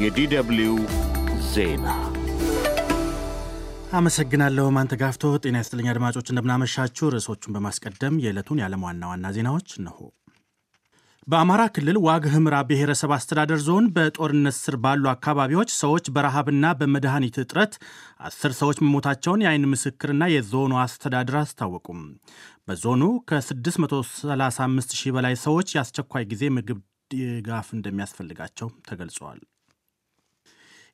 የዲደብልዩ ዜና አመሰግናለሁ። ጋፍቶ ጤና ይስጥልኝ አድማጮች፣ እንደምናመሻችሁ። ርዕሶቹን በማስቀደም የዕለቱን የዓለም ዋና ዋና ዜናዎች እነሆ። በአማራ ክልል ዋግ ህምራ ብሔረሰብ አስተዳደር ዞን በጦርነት ስር ባሉ አካባቢዎች ሰዎች በረሃብና በመድኃኒት እጥረት አስር ሰዎች መሞታቸውን የአይን ምስክርና የዞኑ አስተዳደር አስታወቁም። በዞኑ ከ635 ሺህ በላይ ሰዎች የአስቸኳይ ጊዜ ምግብ ድጋፍ እንደሚያስፈልጋቸው ተገልጸዋል።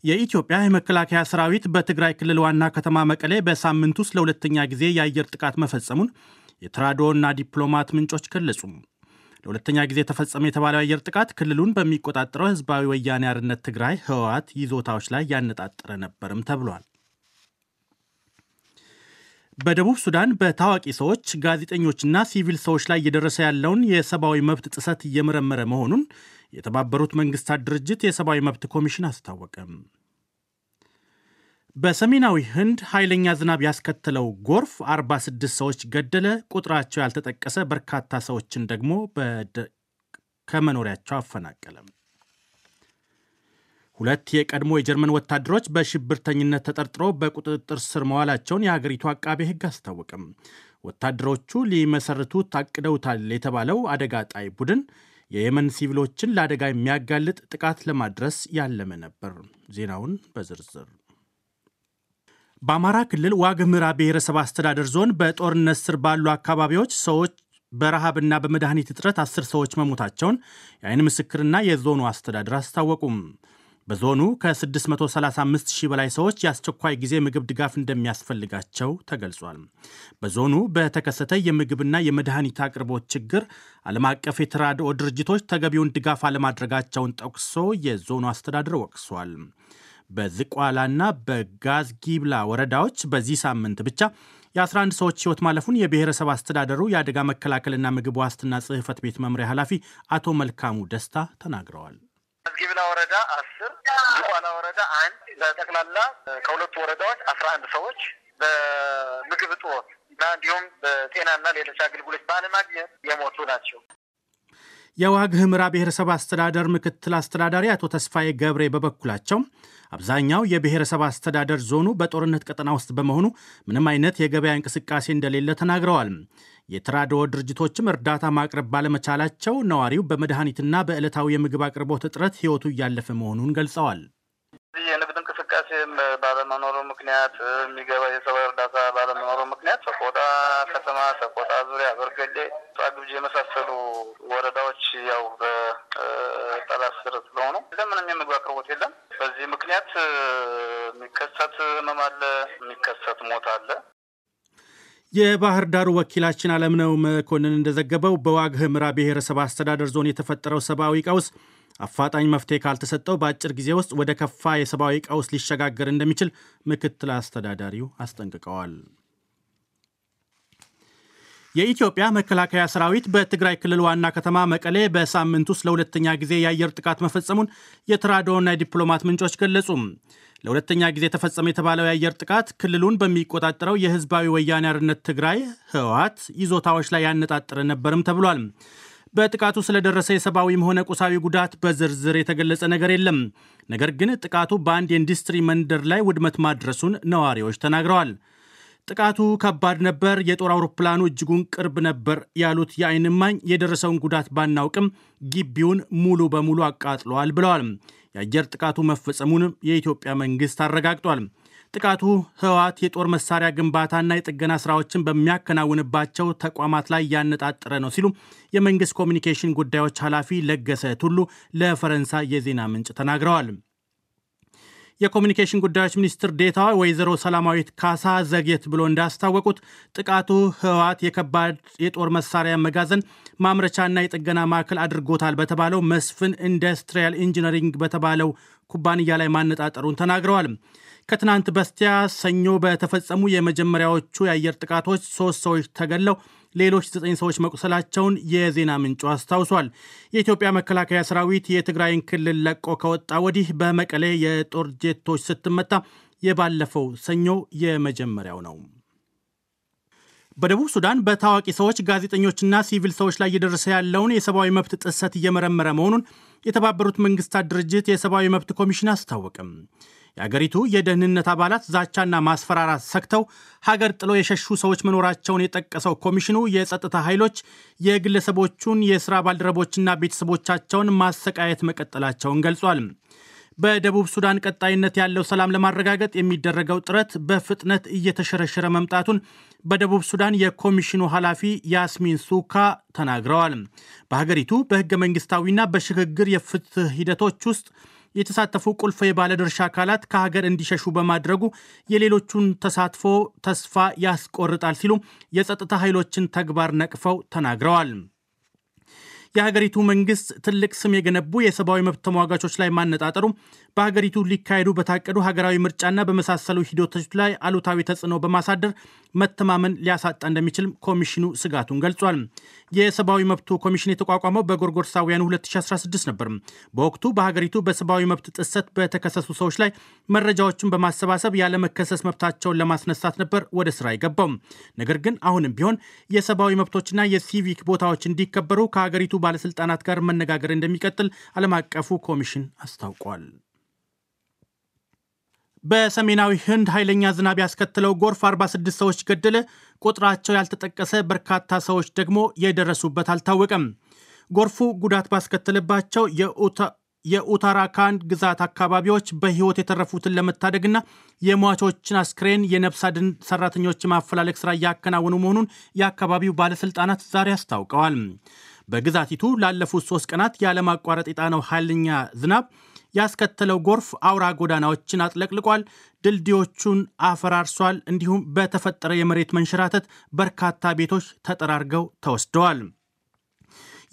የኢትዮጵያ የመከላከያ ሰራዊት በትግራይ ክልል ዋና ከተማ መቀሌ በሳምንት ውስጥ ለሁለተኛ ጊዜ የአየር ጥቃት መፈጸሙን የተራድኦና ዲፕሎማት ምንጮች ገለጹ። ለሁለተኛ ጊዜ የተፈጸመ የተባለው አየር ጥቃት ክልሉን በሚቆጣጠረው ህዝባዊ ወያኔ አርነት ትግራይ ህወሓት ይዞታዎች ላይ ያነጣጠረ ነበርም ተብሏል። በደቡብ ሱዳን በታዋቂ ሰዎች ጋዜጠኞችና ሲቪል ሰዎች ላይ እየደረሰ ያለውን የሰብአዊ መብት ጥሰት እየመረመረ መሆኑን የተባበሩት መንግስታት ድርጅት የሰብአዊ መብት ኮሚሽን አስታወቀ። በሰሜናዊ ህንድ ኃይለኛ ዝናብ ያስከተለው ጎርፍ 46 ሰዎች ገደለ፣ ቁጥራቸው ያልተጠቀሰ በርካታ ሰዎችን ደግሞ ከመኖሪያቸው አፈናቀለም። ሁለት የቀድሞ የጀርመን ወታደሮች በሽብርተኝነት ተጠርጥረው በቁጥጥር ስር መዋላቸውን የሀገሪቱ አቃቤ ሕግ አስታወቅም። ወታደሮቹ ሊመሰርቱ ታቅደውታል የተባለው አደጋ ጣይ ቡድን የየመን ሲቪሎችን ለአደጋ የሚያጋልጥ ጥቃት ለማድረስ ያለመ ነበር። ዜናውን በዝርዝር በአማራ ክልል ዋግ ምዕራ ብሔረሰብ አስተዳደር ዞን በጦርነት ስር ባሉ አካባቢዎች ሰዎች በረሃብና በመድኃኒት እጥረት አስር ሰዎች መሞታቸውን የአይን ምስክርና የዞኑ አስተዳደር አስታወቁም። በዞኑ ከ635 ሺህ በላይ ሰዎች የአስቸኳይ ጊዜ ምግብ ድጋፍ እንደሚያስፈልጋቸው ተገልጿል። በዞኑ በተከሰተ የምግብና የመድኃኒት አቅርቦት ችግር ዓለም አቀፍ የተራድኦ ድርጅቶች ተገቢውን ድጋፍ አለማድረጋቸውን ጠቅሶ የዞኑ አስተዳደር ወቅሷል። በዝቋላና በጋዝጊብላ ወረዳዎች በዚህ ሳምንት ብቻ የ11 ሰዎች ህይወት ማለፉን የብሔረሰብ አስተዳደሩ የአደጋ መከላከልና ምግብ ዋስትና ጽህፈት ቤት መምሪያ ኃላፊ አቶ መልካሙ ደስታ ተናግረዋል። ዝጊብላ ወረዳ አስር ዝቋላ ወረዳ አንድ በጠቅላላ ከሁለቱ ወረዳዎች አስራ አንድ ሰዎች በምግብ እጦት እና እንዲሁም በጤናና ሌሎች አገልግሎት ባለማግኘት የሞቱ ናቸው። የዋግ ህምራ ብሔረሰብ አስተዳደር ምክትል አስተዳዳሪ አቶ ተስፋዬ ገብሬ በበኩላቸው አብዛኛው የብሔረሰብ አስተዳደር ዞኑ በጦርነት ቀጠና ውስጥ በመሆኑ ምንም አይነት የገበያ እንቅስቃሴ እንደሌለ ተናግረዋል። የተራድኦ ድርጅቶችም እርዳታ ማቅረብ ባለመቻላቸው ነዋሪው በመድኃኒትና በዕለታዊ የምግብ አቅርቦት እጥረት ህይወቱ እያለፈ መሆኑን ገልጸዋል። እንቅስቃሴም ባለመኖሩ ምክንያት የሚገባ የሰብአዊ እርዳታ ባለመኖሩ ምክንያት ሰቆጣ ከተማ፣ ሰቆጣ ዙሪያ፣ በርገሌ፣ ግብጅ የመሳሰሉ ወረዳዎች ያው በጠላት ስር ስለሆኑ ለምንም የምግብ አቅርቦት የለም። በዚህ ምክንያት የሚከሰት ህመም አለ፣ የሚከሰት ሞት አለ። የባህር ዳሩ ወኪላችን አለምነው መኮንን እንደዘገበው በዋግ ህምራ ብሔረሰብ አስተዳደር ዞን የተፈጠረው ሰብአዊ ቀውስ አፋጣኝ መፍትሄ ካልተሰጠው በአጭር ጊዜ ውስጥ ወደ ከፋ የሰብአዊ ቀውስ ሊሸጋገር እንደሚችል ምክትል አስተዳዳሪው አስጠንቅቀዋል። የኢትዮጵያ መከላከያ ሰራዊት በትግራይ ክልል ዋና ከተማ መቀሌ በሳምንት ውስጥ ለሁለተኛ ጊዜ የአየር ጥቃት መፈጸሙን የተራድኦና የዲፕሎማት ምንጮች ገለጹ። ለሁለተኛ ጊዜ ተፈጸመ የተባለው የአየር ጥቃት ክልሉን በሚቆጣጠረው የህዝባዊ ወያኔ ትግራይ ህወሓት ይዞታዎች ላይ ያነጣጠረ ነበርም ተብሏል። በጥቃቱ ስለደረሰ የሰብአዊም ሆነ ቁሳዊ ጉዳት በዝርዝር የተገለጸ ነገር የለም። ነገር ግን ጥቃቱ በአንድ የኢንዱስትሪ መንደር ላይ ውድመት ማድረሱን ነዋሪዎች ተናግረዋል። ጥቃቱ ከባድ ነበር፣ የጦር አውሮፕላኑ እጅጉን ቅርብ ነበር ያሉት የአይንማኝ እማኝ የደረሰውን ጉዳት ባናውቅም ግቢውን ሙሉ በሙሉ አቃጥሏል ብለዋል። የአየር ጥቃቱ መፈጸሙን የኢትዮጵያ መንግስት አረጋግጧል። ጥቃቱ ህወሓት የጦር መሳሪያ ግንባታና የጥገና ስራዎችን በሚያከናውንባቸው ተቋማት ላይ ያነጣጠረ ነው ሲሉ የመንግስት ኮሚኒኬሽን ጉዳዮች ኃላፊ ለገሰ ቱሉ ለፈረንሳይ የዜና ምንጭ ተናግረዋል። የኮሚኒኬሽን ጉዳዮች ሚኒስትር ዴታ ወይዘሮ ሰላማዊት ካሳ ዘግየት ብሎ እንዳስታወቁት ጥቃቱ ህወሓት የከባድ የጦር መሳሪያ መጋዘን ማምረቻና የጥገና ማዕከል አድርጎታል በተባለው መስፍን ኢንዱስትሪያል ኢንጂነሪንግ በተባለው ኩባንያ ላይ ማነጣጠሩን ተናግረዋል። ከትናንት በስቲያ ሰኞ በተፈጸሙ የመጀመሪያዎቹ የአየር ጥቃቶች ሶስት ሰዎች ተገለው ሌሎች ዘጠኝ ሰዎች መቁሰላቸውን የዜና ምንጩ አስታውሷል። የኢትዮጵያ መከላከያ ሰራዊት የትግራይን ክልል ለቆ ከወጣ ወዲህ በመቀሌ የጦር ጄቶች ስትመታ የባለፈው ሰኞ የመጀመሪያው ነው። በደቡብ ሱዳን በታዋቂ ሰዎች ጋዜጠኞችና ሲቪል ሰዎች ላይ እየደረሰ ያለውን የሰብአዊ መብት ጥሰት እየመረመረ መሆኑን የተባበሩት መንግስታት ድርጅት የሰብአዊ መብት ኮሚሽን አስታወቅም። የአገሪቱ የደህንነት አባላት ዛቻና ማስፈራራት ሰክተው ሀገር ጥሎ የሸሹ ሰዎች መኖራቸውን የጠቀሰው ኮሚሽኑ የጸጥታ ኃይሎች የግለሰቦቹን የሥራ ባልደረቦችና ቤተሰቦቻቸውን ማሰቃየት መቀጠላቸውን ገልጿል። በደቡብ ሱዳን ቀጣይነት ያለው ሰላም ለማረጋገጥ የሚደረገው ጥረት በፍጥነት እየተሸረሸረ መምጣቱን በደቡብ ሱዳን የኮሚሽኑ ኃላፊ ያስሚን ሱካ ተናግረዋል። በሀገሪቱ በሕገ መንግሥታዊና በሽግግር የፍትህ ሂደቶች ውስጥ የተሳተፉ ቁልፍ የባለድርሻ አካላት ከሀገር እንዲሸሹ በማድረጉ የሌሎቹን ተሳትፎ ተስፋ ያስቆርጣል ሲሉ የጸጥታ ኃይሎችን ተግባር ነቅፈው ተናግረዋል። የሀገሪቱ መንግስት ትልቅ ስም የገነቡ የሰብአዊ መብት ተሟጋቾች ላይ ማነጣጠሩ በሀገሪቱ ሊካሄዱ በታቀዱ ሀገራዊ ምርጫና በመሳሰሉ ሂደቶች ላይ አሉታዊ ተጽዕኖ በማሳደር መተማመን ሊያሳጣ እንደሚችልም ኮሚሽኑ ስጋቱን ገልጿል። የሰብአዊ መብቱ ኮሚሽን የተቋቋመው በጎርጎርሳውያኑ 2016 ነበር። በወቅቱ በሀገሪቱ በሰብአዊ መብት ጥሰት በተከሰሱ ሰዎች ላይ መረጃዎችን በማሰባሰብ ያለመከሰስ መብታቸውን ለማስነሳት ነበር ወደ ስራ የገባው። ነገር ግን አሁንም ቢሆን የሰብአዊ መብቶችና የሲቪክ ቦታዎች እንዲከበሩ ከሀገሪቱ ባለስልጣናት ጋር መነጋገር እንደሚቀጥል ዓለም አቀፉ ኮሚሽን አስታውቋል። በሰሜናዊ ህንድ ኃይለኛ ዝናብ ያስከትለው ጎርፍ 46 ሰዎች ገደለ። ቁጥራቸው ያልተጠቀሰ በርካታ ሰዎች ደግሞ የደረሱበት አልታወቀም። ጎርፉ ጉዳት ባስከተለባቸው የኡታራካንድ ግዛት አካባቢዎች በህይወት የተረፉትን ለመታደግና የሟቾችን አስክሬን የነፍስ አድን ሰራተኞች የማፈላለግ ስራ እያከናወኑ መሆኑን የአካባቢው ባለስልጣናት ዛሬ አስታውቀዋል። በግዛቲቱ ላለፉት ሶስት ቀናት ያለማቋረጥ የጣነው ኃይለኛ ዝናብ ያስከተለው ጎርፍ አውራ ጎዳናዎችን አጥለቅልቋል፣ ድልድዮቹን አፈራርሷል። እንዲሁም በተፈጠረ የመሬት መንሸራተት በርካታ ቤቶች ተጠራርገው ተወስደዋል።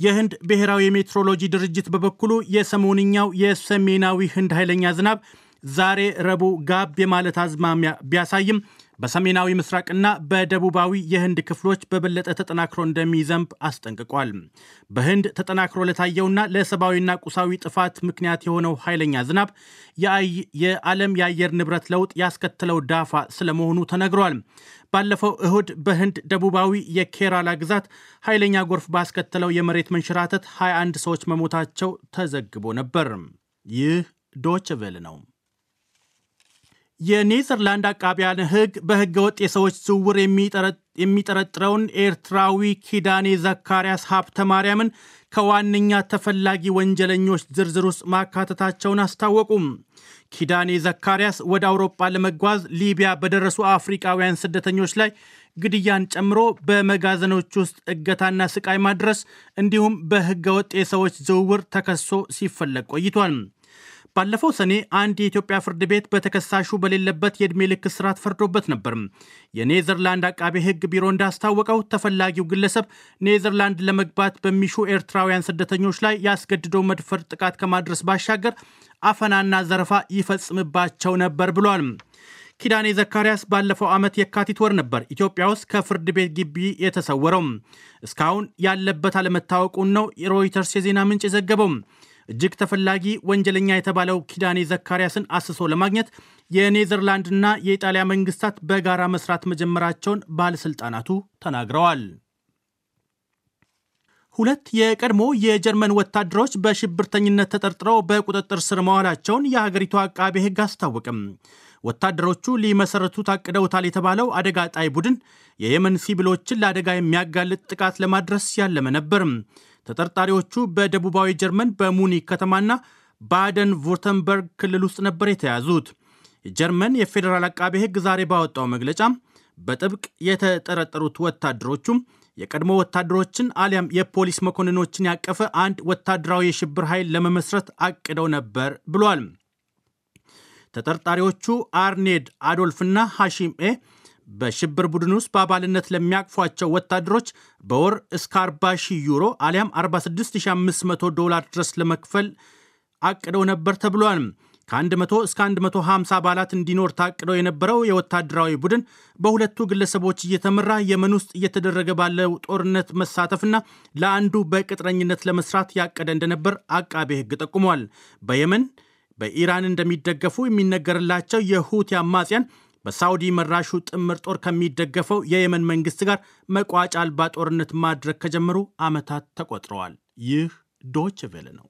የህንድ ብሔራዊ የሜትሮሎጂ ድርጅት በበኩሉ የሰሞንኛው የሰሜናዊ ህንድ ኃይለኛ ዝናብ ዛሬ ረቡዕ ጋብ የማለት አዝማሚያ ቢያሳይም በሰሜናዊ ምስራቅና በደቡባዊ የህንድ ክፍሎች በበለጠ ተጠናክሮ እንደሚዘንብ አስጠንቅቋል። በህንድ ተጠናክሮ ለታየውና ለሰብአዊና ቁሳዊ ጥፋት ምክንያት የሆነው ኃይለኛ ዝናብ የዓለም የአየር ንብረት ለውጥ ያስከተለው ዳፋ ስለመሆኑ ተነግሯል። ባለፈው እሁድ በህንድ ደቡባዊ የኬራላ ግዛት ኃይለኛ ጎርፍ ባስከተለው የመሬት መንሸራተት 21 ሰዎች መሞታቸው ተዘግቦ ነበር። ይህ ዶችቬል ነው። የኔዘርላንድ አቃቢያን ህግ በህገ ወጥ የሰዎች ዝውውር የሚጠረጥረውን ኤርትራዊ ኪዳኔ ዘካርያስ ሀብተ ማርያምን ከዋነኛ ተፈላጊ ወንጀለኞች ዝርዝር ውስጥ ማካተታቸውን አስታወቁም። ኪዳኔ ዘካርያስ ወደ አውሮፓ ለመጓዝ ሊቢያ በደረሱ አፍሪቃውያን ስደተኞች ላይ ግድያን ጨምሮ በመጋዘኖች ውስጥ እገታና ስቃይ ማድረስ እንዲሁም በህገወጥ ወጥ የሰዎች ዝውውር ተከሶ ሲፈለግ ቆይቷል። ባለፈው ሰኔ አንድ የኢትዮጵያ ፍርድ ቤት በተከሳሹ በሌለበት የዕድሜ ልክ እስራት ፈርዶበት ነበር። የኔዘርላንድ አቃቤ ሕግ ቢሮ እንዳስታወቀው ተፈላጊው ግለሰብ ኔዘርላንድ ለመግባት በሚሹ ኤርትራውያን ስደተኞች ላይ ያስገድዶ መድፈር ጥቃት ከማድረስ ባሻገር አፈናና ዘረፋ ይፈጽምባቸው ነበር ብሏል። ኪዳኔ ዘካርያስ ባለፈው ዓመት የካቲት ወር ነበር ኢትዮጵያ ውስጥ ከፍርድ ቤት ግቢ የተሰወረው። እስካሁን ያለበት አለመታወቁን ነው ሮይተርስ የዜና ምንጭ የዘገበው። እጅግ ተፈላጊ ወንጀለኛ የተባለው ኪዳኔ ዘካሪያስን አስሶ ለማግኘት የኔዘርላንድና የኢጣሊያ መንግስታት በጋራ መስራት መጀመራቸውን ባለሥልጣናቱ ተናግረዋል። ሁለት የቀድሞ የጀርመን ወታደሮች በሽብርተኝነት ተጠርጥረው በቁጥጥር ስር መዋላቸውን የሀገሪቱ አቃቤ ሕግ አስታወቅም። ወታደሮቹ ሊመሰረቱት አቅደውታል የተባለው አደጋ ጣይ ቡድን የየመን ሲቪሎችን ለአደጋ የሚያጋልጥ ጥቃት ለማድረስ ያለመ ነበር። ተጠርጣሪዎቹ በደቡባዊ ጀርመን በሙኒክ ከተማና ባደን ቮርተንበርግ ክልል ውስጥ ነበር የተያዙት። የጀርመን የፌዴራል አቃቤ ሕግ ዛሬ ባወጣው መግለጫ በጥብቅ የተጠረጠሩት ወታደሮቹም የቀድሞ ወታደሮችን አሊያም የፖሊስ መኮንኖችን ያቀፈ አንድ ወታደራዊ የሽብር ኃይል ለመመስረት አቅደው ነበር ብሏል። ተጠርጣሪዎቹ አርኔድ አዶልፍና ሐሺም ኤ በሽብር ቡድን ውስጥ በአባልነት ለሚያቅፏቸው ወታደሮች በወር እስከ 40 ሺህ ዩሮ አሊያም 46500 ዶላር ድረስ ለመክፈል አቅደው ነበር ተብሏል። ከ100 እስከ 150 አባላት እንዲኖር ታቅደው የነበረው የወታደራዊ ቡድን በሁለቱ ግለሰቦች እየተመራ የመን ውስጥ እየተደረገ ባለው ጦርነት መሳተፍና ለአንዱ በቅጥረኝነት ለመስራት ያቀደ እንደነበር አቃቤ ሕግ ጠቁሟል። በየመን በኢራን እንደሚደገፉ የሚነገርላቸው የሁቲ አማጽያን በሳውዲ መራሹ ጥምር ጦር ከሚደገፈው የየመን መንግስት ጋር መቋጫ አልባ ጦርነት ማድረግ ከጀመሩ ዓመታት ተቆጥረዋል። ይህ ዶች ቬለ ነው።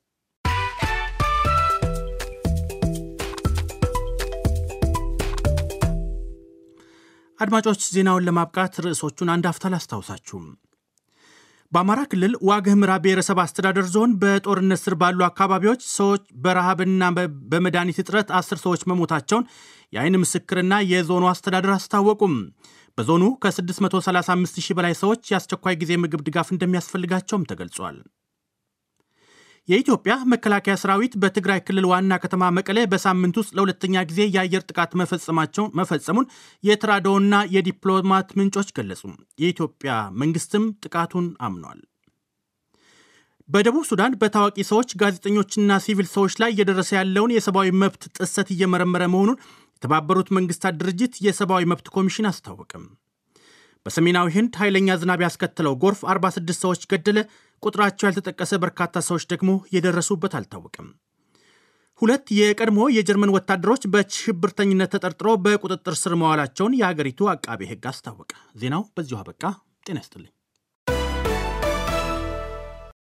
አድማጮች፣ ዜናውን ለማብቃት ርዕሶቹን አንድ አፍታ ላስታውሳችሁ። በአማራ ክልል ዋግ ምራ ብሔረሰብ አስተዳደር ዞን በጦርነት ስር ባሉ አካባቢዎች ሰዎች በረሃብና በመድኃኒት እጥረት አስር ሰዎች መሞታቸውን የአይን ምስክርና የዞኑ አስተዳደር አስታወቁም። በዞኑ ከ635 ሺህ በላይ ሰዎች የአስቸኳይ ጊዜ ምግብ ድጋፍ እንደሚያስፈልጋቸውም ተገልጿል። የኢትዮጵያ መከላከያ ሰራዊት በትግራይ ክልል ዋና ከተማ መቀሌ በሳምንት ውስጥ ለሁለተኛ ጊዜ የአየር ጥቃት መፈጸማቸው መፈጸሙን የትራዶና የዲፕሎማት ምንጮች ገለጹ። የኢትዮጵያ መንግስትም ጥቃቱን አምኗል። በደቡብ ሱዳን በታዋቂ ሰዎች ጋዜጠኞችና ሲቪል ሰዎች ላይ እየደረሰ ያለውን የሰብአዊ መብት ጥሰት እየመረመረ መሆኑን የተባበሩት መንግስታት ድርጅት የሰብአዊ መብት ኮሚሽን አስታወቅም። በሰሜናዊ ህንድ ኃይለኛ ዝናብ ያስከተለው ጎርፍ 46 ሰዎች ገደለ፣ ቁጥራቸው ያልተጠቀሰ በርካታ ሰዎች ደግሞ የደረሱበት አልታወቅም። ሁለት የቀድሞ የጀርመን ወታደሮች በሽብርተኝነት ተጠርጥሮ በቁጥጥር ስር መዋላቸውን የሀገሪቱ አቃቤ ህግ አስታወቀ። ዜናው በዚሁ አበቃ። ጤና ይስጥልኝ።